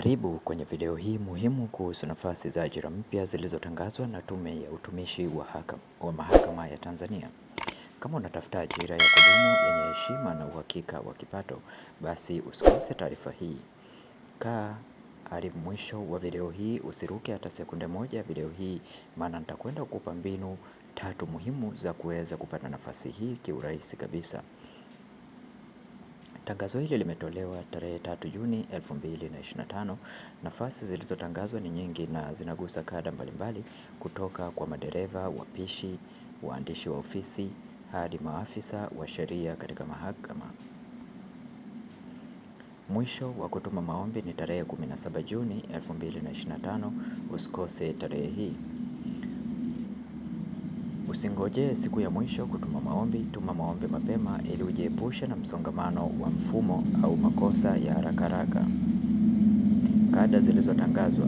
Karibu kwenye video hii muhimu kuhusu nafasi za ajira mpya zilizotangazwa na Tume ya Utumishi wa, haka, wa Mahakama ya Tanzania. Kama unatafuta ajira ya kudumu yenye heshima na uhakika wa kipato, basi usikose taarifa hii. Kaa hadi mwisho wa video hii, usiruke hata sekunde moja ya video hii, maana nitakwenda kukupa mbinu tatu muhimu za kuweza kupata nafasi hii kiurahisi kabisa. Tangazo hili limetolewa tarehe 3 Juni 2025. Nafasi zilizotangazwa ni nyingi na zinagusa kada mbalimbali kutoka kwa madereva, wapishi, waandishi wa ofisi hadi maafisa wa sheria katika mahakama. Mwisho wa kutuma maombi ni tarehe 17 Juni 2025. Usikose tarehe hii. Usingojee siku ya mwisho kutuma maombi, tuma maombi mapema ili ujiepushe na msongamano wa mfumo au makosa ya haraka haraka. Kada zilizotangazwa.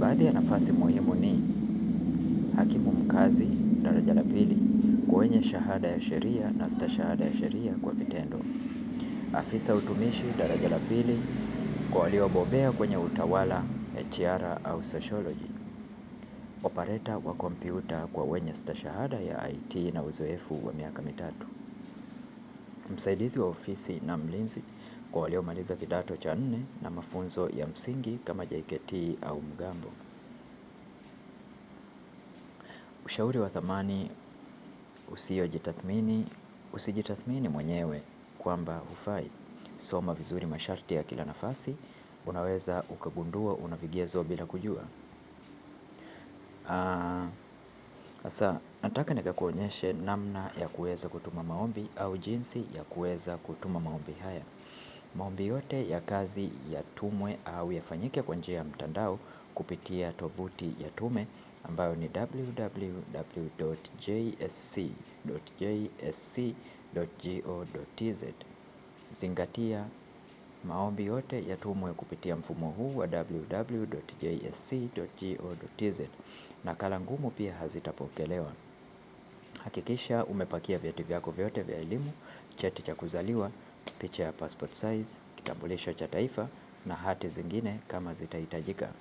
Baadhi ya nafasi muhimu ni hakimu mkazi, daraja la pili, kwenye shahada ya sheria na stashahada ya sheria kwa vitendo. Afisa utumishi, daraja la pili, kwa waliobobea kwenye utawala, HR au sociology. Opareta wa kompyuta kwa wenye stashahada ya IT na uzoefu wa miaka mitatu. Msaidizi wa ofisi na mlinzi kwa waliomaliza kidato cha nne na mafunzo ya msingi kama JKT au mgambo. Ushauri wa thamani usiyojitathmini, usijitathmini mwenyewe kwamba hufai. Soma vizuri masharti ya kila nafasi, unaweza ukagundua una vigezo bila kujua. Ah, sasa nataka nikakuonyeshe namna ya kuweza kutuma maombi au jinsi ya kuweza kutuma maombi haya. Maombi yote ya kazi yatumwe au yafanyike kwa njia ya mtandao kupitia tovuti ya tume ambayo ni www.jsc.jsc.go.tz. Zingatia. Maombi yote yatumwe kupitia mfumo huu wa www.jsc.go.tz. Nakala ngumu pia hazitapokelewa. Hakikisha umepakia vyeti vyako vyote vya elimu, cheti cha kuzaliwa, picha ya passport size, kitambulisho cha taifa na hati zingine kama zitahitajika.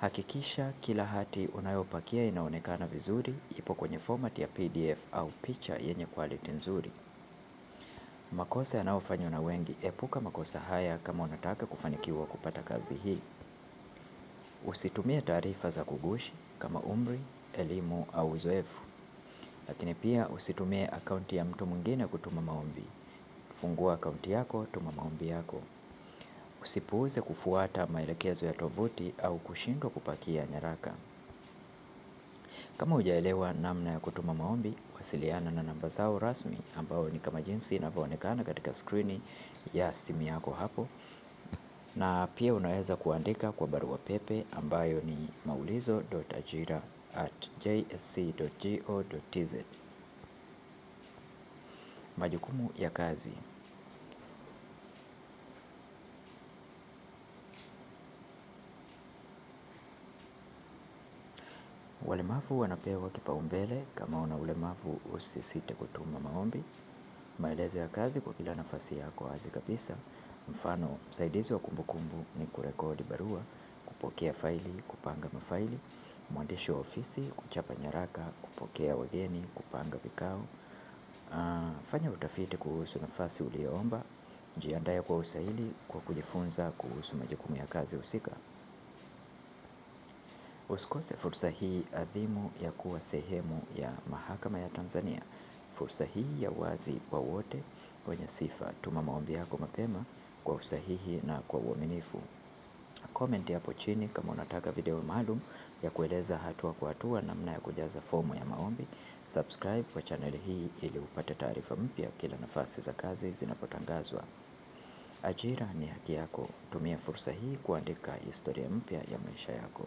Hakikisha kila hati unayopakia inaonekana vizuri, ipo kwenye format ya PDF au picha yenye quality nzuri. Makosa yanayofanywa na wengi, epuka makosa haya kama unataka kufanikiwa kupata kazi hii. Usitumie taarifa za kugushi kama umri, elimu au uzoefu. Lakini pia usitumie akaunti ya mtu mwingine kutuma maombi. Fungua akaunti yako, tuma maombi yako. Usipuuze kufuata maelekezo ya tovuti au kushindwa kupakia nyaraka. Kama hujaelewa namna ya kutuma maombi, wasiliana na namba zao rasmi ambao ni kama jinsi inavyoonekana katika skrini ya simu yako hapo na pia unaweza kuandika kwa barua pepe ambayo ni maulizo.ajira@jsc.go.tz. Majukumu ya kazi. Walemavu wanapewa kipaumbele kama una ulemavu usisite kutuma maombi, maelezo ya kazi kwa kila nafasi yako wazi kabisa, mfano msaidizi wa kumbukumbu ni kurekodi barua, kupokea faili, kupanga mafaili, mwandishi wa ofisi, kuchapa nyaraka, kupokea wageni, kupanga vikao, ah, fanya utafiti kuhusu nafasi uliyoomba, jiandae kwa usaili kwa kujifunza kuhusu majukumu ya kazi husika. Usikose fursa hii adhimu ya kuwa sehemu ya mahakama ya Tanzania. Fursa hii ya wazi kwa wote wenye sifa. Tuma maombi yako mapema kwa usahihi na kwa uaminifu. Comment hapo chini kama unataka video maalum ya kueleza hatua kwa hatua namna ya kujaza fomu ya maombi. Subscribe kwa channel hii ili upate taarifa mpya kila nafasi za kazi zinapotangazwa. Ajira ni haki yako. Tumia fursa hii kuandika historia mpya ya maisha yako.